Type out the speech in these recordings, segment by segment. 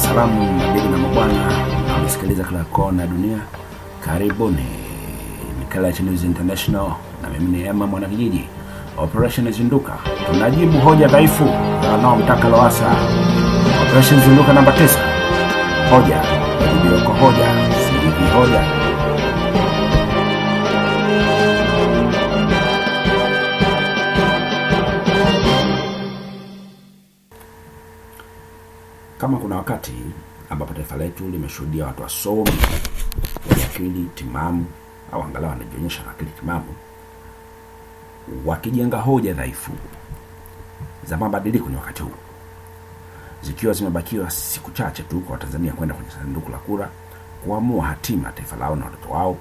Salamu mabibi na mabwana, namesikiliza kila kona dunia, karibuni ya News International na mimi ni Emma Mwanakijiji. Operation Zinduka tunajibu hoja dhaifu wanaomtaka lowasa Operation Zinduka namba 9, hoja jibioko, hoja sijiki, hoja wakati ambapo taifa letu limeshuhudia watu wasomi wenye akili timamu au angalau wanajionyesha na akili timamu wakijenga hoja dhaifu za mabadiliko ni wakati huu, zikiwa zimebakiwa siku chache tu kwa Watanzania kwenda kwenye sanduku la kura kuamua hatima taifa lao na watoto wao.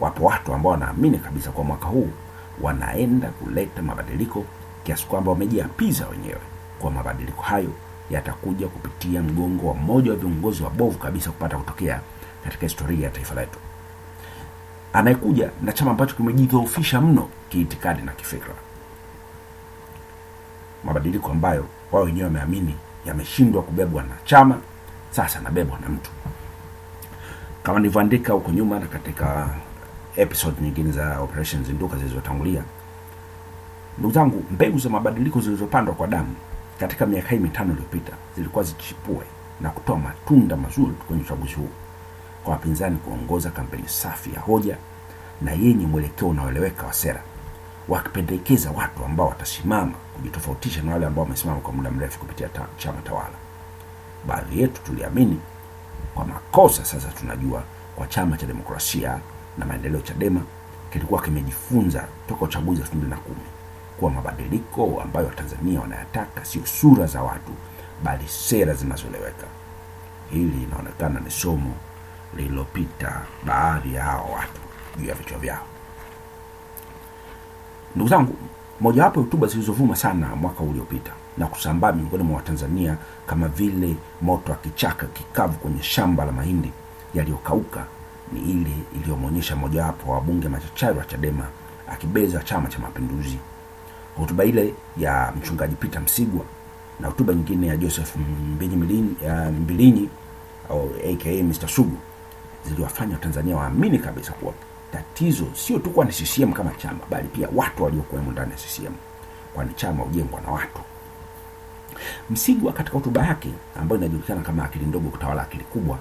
Wapo watu ambao wanaamini kabisa kwa mwaka huu wanaenda kuleta mabadiliko kiasi kwamba wamejiapiza wenyewe kwa mabadiliko hayo yatakuja kupitia mgongo wa mmoja wa viongozi wa bovu kabisa kupata kutokea katika historia ya taifa letu, anayekuja na chama ambacho kimejidhoofisha mno kiitikadi na kifikra, mabadiliko ambayo wao wenyewe wameamini yameshindwa kubebwa na chama, sasa nabebwa na mtu. Kama nilivyoandika huko nyuma na katika episode nyingine za Operation Zinduka zilizotangulia, ndugu zangu, mbegu za mabadiliko zilizopandwa kwa damu katika miaka hii mitano iliyopita zilikuwa zichipue na kutoa matunda mazuri kwenye uchaguzi huu kwa wapinzani kuongoza kampeni safi ya hoja na yenye mwelekeo unaoeleweka wa sera, wakipendekeza watu ambao watasimama kujitofautisha na wale ambao wamesimama kwa muda mrefu kupitia ta, chama tawala. Baadhi yetu tuliamini kwa makosa. Sasa tunajua kwa Chama cha Demokrasia na Maendeleo, Chadema, kilikuwa kimejifunza toka uchaguzi wa elfu mbili na kumi kuwa mabadiliko ambayo Watanzania wanayataka sio sura za watu, bali sera zinazoeleweka. Hili inaonekana ni somo lililopita baadhi ya hawa watu juu ya vichwa vyao. Ndugu zangu, mojawapo hutuba zilizovuma sana mwaka uliopita na kusambaa miongoni mwa Watanzania kama vile moto wa kichaka kikavu kwenye shamba la mahindi yaliyokauka ni ile iliyomwonyesha mojawapo wa wabunge machachari wa Chadema akibeza Chama cha Mapinduzi hotuba ile ya mchungaji Peter Msigwa na hotuba nyingine ya Joseph ya Mbilinyi au aka Mr. Sugu ziliwafanya Watanzania waamini kabisa kuwa tatizo sio tu kwa ni CCM kama chama bali pia watu waliokuwemo ndani ya CCM, kwani chama hujengwa na watu. Msigwa katika hotuba yake ambayo inajulikana kama akili ndogo kutawala akili kubwa,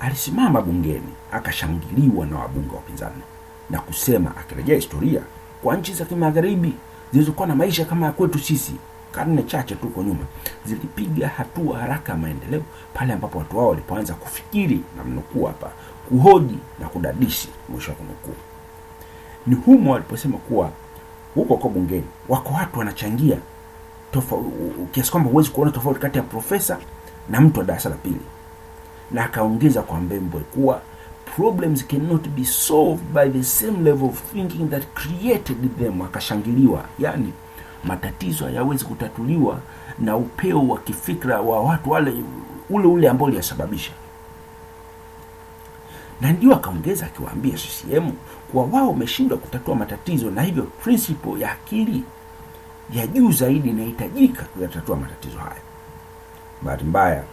alisimama bungeni akashangiliwa na wabunge wa upinzani na kusema, akirejea historia kwa nchi za kimagharibi zilizokuwa na maisha kama ya kwetu sisi karne chache tu huko nyuma zilipiga hatua haraka ya maendeleo pale ambapo watu wao walipoanza kufikiri na mnukuu hapa kuhoji na kudadisi mwisho wa kunukuu ni humo waliposema kuwa huko kwa bungeni wako watu wanachangia kiasi kwamba huwezi kuona tofauti kati ya profesa na mtu wa darasa la pili na akaongeza kwa mbembwe kuwa problems cannot be solved by the same level of thinking that created them. Akashangiliwa, yani matatizo hayawezi kutatuliwa na upeo wa kifikra wa watu wale ule ule ambao uliyasababisha. Na ndio akaongeza akiwaambia CCM kuwa wao wameshindwa kutatua matatizo, na hivyo principle ya akili ya juu zaidi inahitajika kuyatatua matatizo hayo. Bahati mbaya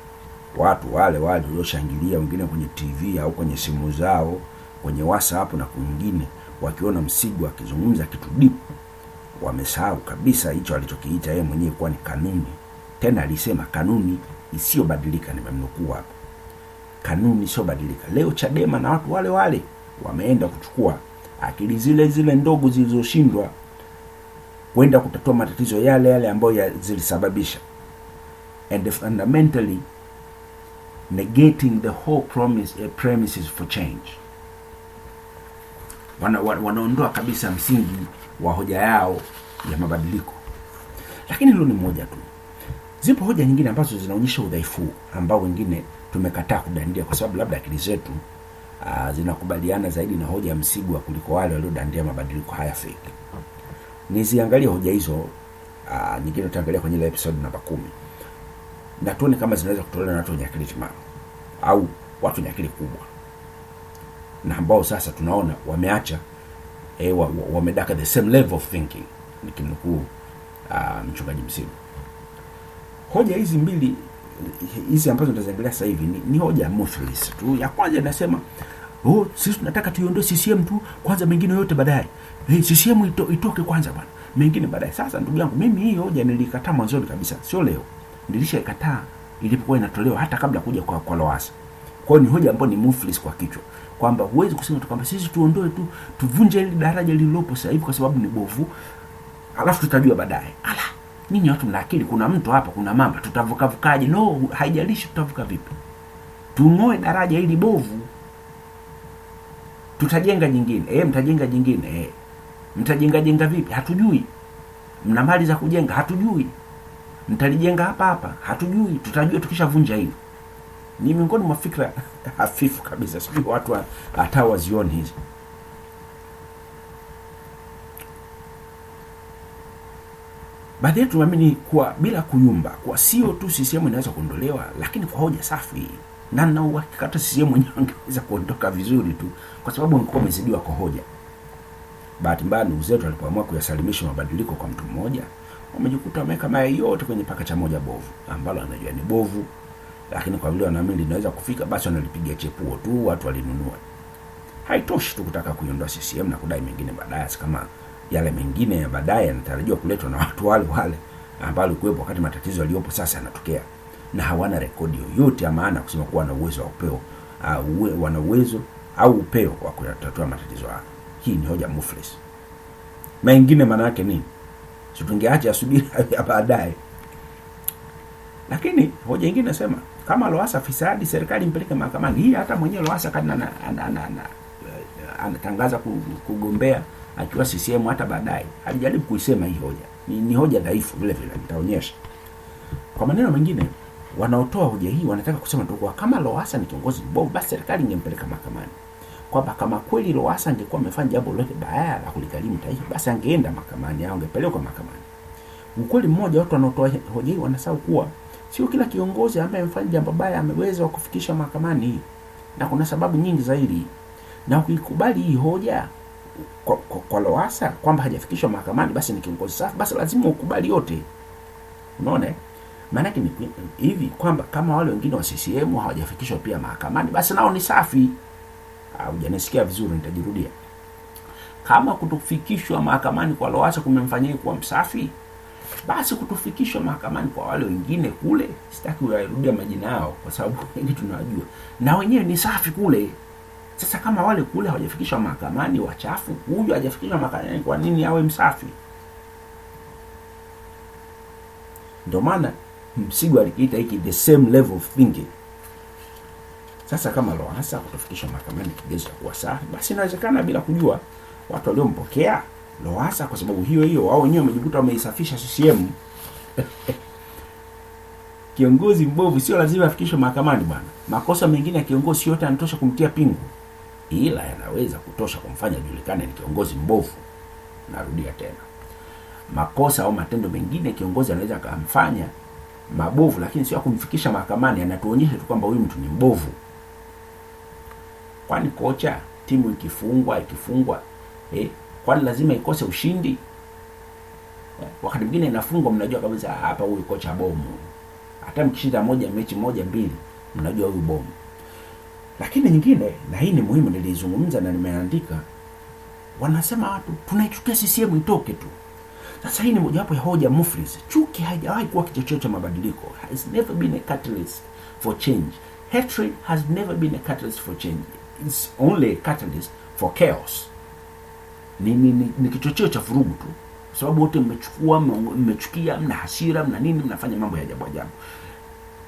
watu wale wale walioshangilia, wengine kwenye TV au kwenye simu zao, kwenye WhatsApp na kwingine, wakiona Msigwa akizungumza kitu deep, wamesahau kabisa hicho alichokiita yeye mwenyewe kuwa ni kanuni. Tena alisema kanuni isiyobadilika, nimemnukuu hapo, kanuni isiyobadilika. Leo Chadema na watu wale wale wameenda kuchukua akili zile zile ndogo zilizoshindwa kwenda kutatua matatizo yale yale ambayo zilisababisha and fundamentally negating the whole promise, uh, premises for change. Wana, wanaondoa kabisa msingi wa hoja yao ya mabadiliko. Lakini hilo ni moja tu. Zipo hoja nyingine ambazo zinaonyesha udhaifu ambao wengine tumekataa kudandia kwa sababu labda akili zetu uh, zinakubaliana zaidi na hoja ya Msigwa kuliko wale waliodandia mabadiliko haya fake Niziangalie hoja hizo uh, nyingine tutaangalia kwenye ile episode namba kumi na tuone kama zinaweza kutolewa na watu wenye akili timamu au watu wenye akili kubwa, na ambao sasa tunaona wameacha eh, wa, wa, wamedaka the same level of thinking, nikimnukuu uh, mchungaji Msimu. Hoja hizi mbili hizi ambazo nitaziangalia sasa hivi ni, ni hoja muflis tu. Ya kwanza inasema oh, sisi tunataka tuiondoe CCM tu kwanza, mengine yote baadaye. Hey, eh, CCM ito, itoke kwanza bwana, mengine baadaye. Sasa ndugu yangu, mimi hii hoja nilikataa mwanzoni kabisa, sio leo ndilisha ikataa ilipokuwa inatolewa hata kabla kuja kwa, kwa Lowassa. Kwa hiyo ni hoja ambayo ni muflis kwa kichwa kwamba huwezi kusema tu kwamba sisi tuondoe tu tuvunje ile daraja lililopo sasa hivi kwa sababu ni bovu, alafu tutajua baadaye. Ala, nyinyi watu mna akili, kuna mtu hapa, kuna mamba, tutavuka vukaje? No, haijalishi tutavuka vipi, tung'oe daraja hili bovu, tutajenga jingine. Eh, mtajenga jingine? Eh, mtajenga jenga vipi? Hatujui. Mna mali za kujenga? Hatujui nitalijenga hapa hapa, hatujui, tutajua tukishavunja hivi. Ni miongoni mwa fikra hafifu kabisa, sijui watu hata wazioni hizi. Baadhi yetu tunaamini kuwa bila kuyumba, kwa sio tu CCM inaweza kuondolewa, lakini kwa hoja safi, na na uhakika hata CCM mwenyewe angeweza kuondoka vizuri tu, kwa sababu angekuwa amezidiwa kwa hoja. Bahati mbaya ndugu zetu alipoamua kuyasalimisha mabadiliko kwa mtu mmoja wamejikuta wameweka mayai yote kwenye pakacha moja bovu ambalo anajua ni bovu, lakini kwa vile wanaamini linaweza kufika, basi wanalipiga chepuo tu, watu walinunua. Haitoshi tu kutaka kuiondoa CCM na kudai mengine baadaye, kama yale mengine ya baadaye yanatarajiwa kuletwa na watu wale wale ambao walikuwepo wakati matatizo yaliyopo sasa yanatokea, na hawana rekodi yoyote ya maana kusema kuwa wana uwezo wa upeo uh, wana uwezo au upeo wa kutatua matatizo hayo. Hii ni hoja muflis. Mengine maana yake nini? si tungeacha subira ya baadaye. Lakini hoja nyingine nasema kama loasa fisadi, serikali impeleke mahakamani. Hii hata mwenyewe loasa kana anatangaza kugombea akiwa CCM hata baadaye alijaribu kuisema hii hoja ni, ni hoja dhaifu vile vile, nitaonyesha kwa maneno mengine. Wanaotoa hoja hii wanataka kusema tu kwa kama loasa ni kiongozi mbovu, basi serikali ingempeleka mahakamani kwamba kama kweli Lowassa angekuwa amefanya jambo lolote baya la kuligharimu taifa, basi angeenda mahakamani au angepelekwa mahakamani. Ukweli mmoja watu wanaotoa hoja hii wanasahau kuwa sio kila kiongozi ambaye amefanya jambo baya ameweza kufikisha mahakamani, na kuna sababu nyingi zaidi. Na ukikubali hii hoja kwa, kwa, kwa Lowassa kwamba hajafikishwa mahakamani, basi ni kiongozi safi, basi lazima ukubali yote. Unaona, maana ni hivi kwamba kama wale wengine wa CCM hawajafikishwa pia mahakamani, basi nao ni safi. Hujanisikia vizuri, nitajirudia. Kama kutofikishwa mahakamani kwa Lowassa kumemfanyia kuwa msafi, basi kutofikishwa mahakamani kwa wale wengine kule, sitaki kuyarudia majina yao kwa sababu wengi tunajua na wenyewe ni safi kule. Sasa kama wale kule hawajafikishwa mahakamani wachafu, huyu hajafikishwa mahakamani, kwa nini awe msafi? Ndio maana Msigwa alikiita hiki the same level of thinking. Sasa kama Lowassa kutofikisha mahakamani kigezo cha kuwa safi, basi inawezekana bila kujua watu waliompokea Lowassa, kwa sababu hiyo hiyo wao wenyewe wamejikuta wameisafisha CCM. Kiongozi mbovu sio lazima afikishwe mahakamani bwana. Makosa mengine ya kiongozi yote yanatosha kumtia pingu, ila yanaweza kutosha kumfanya julikane ni kiongozi mbovu. Narudia tena, makosa au matendo mengine kiongozi anaweza akamfanya mabovu, lakini sio kumfikisha mahakamani, anatuonyesha tu kwamba huyu mtu ni mbovu. Kwani kocha timu ikifungwa ikifungwa eh, kwani lazima ikose ushindi eh? Wakati mwingine inafungwa, mnajua kabisa hapa huyu kocha bomu, hata mkishinda moja mechi moja mbili, mnajua huyu bomu. Lakini nyingine, na hii ni muhimu, nilizungumza na nimeandika, wanasema watu tunaichukia CCM itoke tu. Sasa hii ni mojawapo ya hoja mufris Chuki haijawahi kuwa kichocheo cha mabadiliko, has never been a catalyst for change. Hatred has never been a catalyst for change its only catalyst for chaos. Ni, ni, ni, ni kichocheo cha vurugu tu, sababu wote mmechukua, mmechukia, mna hasira, mna nini, mnafanya mambo ya ajabu ajabu.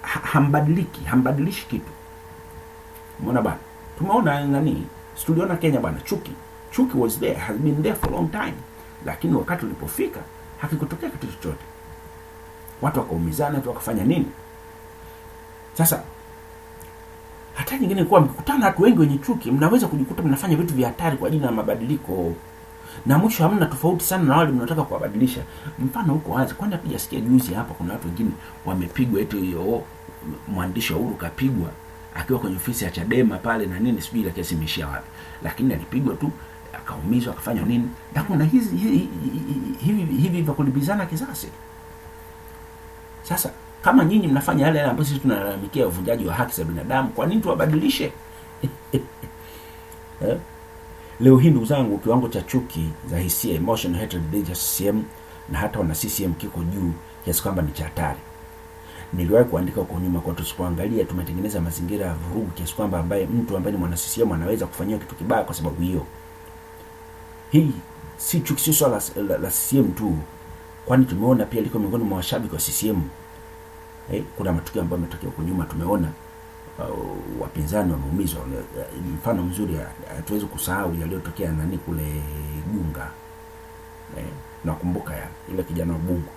Ha, hambadiliki, hambadilishi kitu. Umeona bana, tumeona nani, tuliona Kenya bana, chuki chuki was there, has been there for a long time, lakini wakati ulipofika hakikutokea kitu chochote, watu wakaumizana tu wakafanya nini sasa Hatari nyingine kuwa mkikutana watu wengi wenye chuki, mnaweza kujikuta mnafanya vitu vya hatari kwa ajili ya mabadiliko, na mwisho hamna tofauti sana na wale mnataka kuwabadilisha. Mfano huko wazi, kwani sikia juzi hapa kuna watu wengine wamepigwa, eti hiyo mwandishi wa Uhuru kapigwa akiwa kwenye ofisi ya Chadema pale na nini, sijui ile kesi imeishia wapi, lakini alipigwa tu akaumizwa akafanya nini, na kuna hizi hivi hivi vya kulibizana kisasi sasa kama nyinyi mnafanya yale yale ambayo sisi tunalalamikia uvunjaji wa haki za binadamu, kwa nini tuwabadilishe? eh? Leo hii ndugu zangu, kiwango cha chuki za hisia emotional hatred dhidi ya CCM na hata wana CCM kiko juu kiasi kwamba ni cha hatari. Niliwahi kuandika huko nyuma kwa tusipoangalia, tumetengeneza mazingira ya vurugu kiasi kwamba ambaye mtu ambaye ni mwana CCM anaweza kufanyiwa kitu kibaya kwa sababu hiyo. Hii si chuki, sio swala la, la, la CCM tu, kwani tumeona pia liko miongoni mwa washabiki wa CCM eh, kuna matukio ambayo yametokea huko nyuma tumeona uh, wapinzani wameumizwa. Uh, mfano mzuri uh, hatuwezi kusahau yaliyotokea nani kule Gunga eh, nakumbuka ya ile kijana wa Bungu.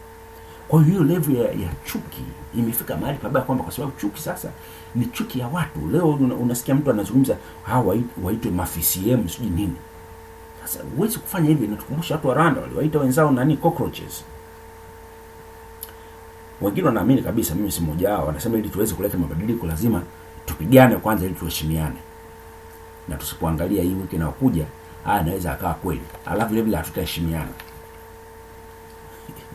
Kwa hiyo hiyo level ya, ya chuki imefika mahali pabaya kwamba kwa sababu chuki sasa ni chuki ya watu. Leo unasikia mtu anazungumza hawa ah, waitwe mafisiemu sijui nini. Sasa huwezi kufanya hivi, natukumbusha watu wa Rwanda waliwaita wenzao nani cockroaches wengine wanaamini kabisa, mimi si mmoja wao, wanasema ili tuweze kuleta mabadiliko lazima tupigane kwanza, ili tuheshimiane, na tusipoangalia hii wiki inayokuja, haya anaweza akawa kweli, alafu vile vile hatutaheshimiana.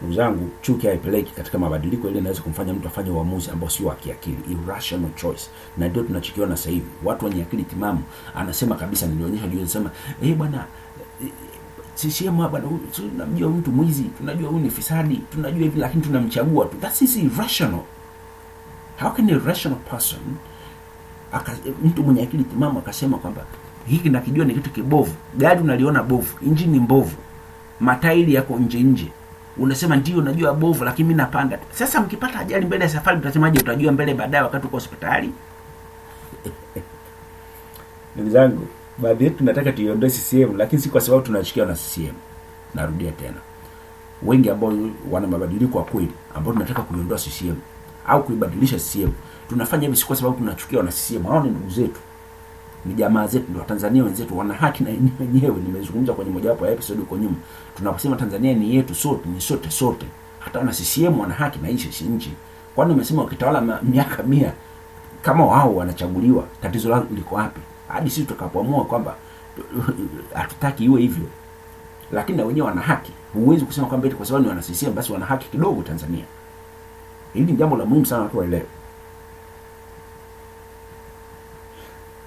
Ndugu zangu, chuki haipeleki katika mabadiliko, ili inaweza kumfanya mtu afanye uamuzi ambao sio wa kiakili, irrational choice, na ndio tunachokiona sasa hivi. Watu wenye akili timamu anasema kabisa, nilionyesha juu, anasema eh, hey, bwana CCM hapa tunamjua mtu mwizi, tunajua huyu ni fisadi, tunajua hivi, lakini tunamchagua tu. That is irrational. How can a rational person aka, mtu mwenye akili timamu akasema kwamba hiki nakijua ni kitu kibovu, gari unaliona bovu, injini mbovu, matairi yako nje nje, unasema ndio najua bovu, lakini mimi napanda. Sasa mkipata ajali mbele ya safari, mtasemaje? Utajua mbele baadaye, wakati uko hospitali. Ndugu zangu baadhi yetu tunataka tuiondoe CCM, lakini si kwa sababu tunachukia na CCM. Narudia tena, wengi ambao wana mabadiliko ya kweli ambao tunataka kuiondoa CCM au kuibadilisha CCM, tunafanya hivi si kwa sababu tunachukia na CCM. Hao ni ndugu zetu, ni jamaa zetu, ndio Watanzania wenzetu, wana haki na wenyewe. Nimezungumza kwenye mojawapo ya episode huko nyuma, tunaposema Tanzania ni yetu sote, ni sote sote, hata na CCM wana haki na hiyo nchi. Kwani umesema ukitawala miaka mia kama wao wanachaguliwa, tatizo lao liko wapi? hadi sisi tukapoamua kwamba hatutaki iwe hivyo. Lakini na wenyewe wana haki. Huwezi kusema kwamba eti kwa sababu ni wana CCM basi wana haki kidogo Tanzania. Hili ni jambo la muhimu sana watu waelewe.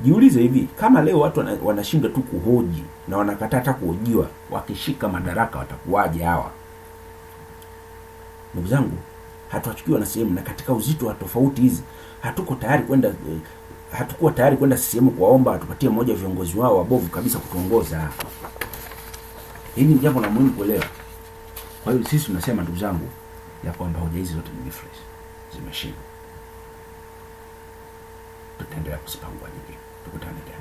Jiulize hivi, kama leo watu wanashindwa tu kuhoji na wanakataa hata kuhojiwa, wakishika madaraka watakuwaje hawa? Ndugu zangu, hatuachukiwa na sehemu, na katika uzito wa tofauti hizi hatuko tayari kwenda eh, hatukuwa tayari kwenda CCM kuwaomba atupatie mmoja viongozi wao wabovu kabisa kutuongoza. Hili ni jambo la muhimu kuelewa. Kwa hiyo sisi tunasema ndugu zangu, ya kwamba hoja hizi zote ni fresh, zimeshindwa. Tutaendelea kuzipangua nyingine. Tukutane tena.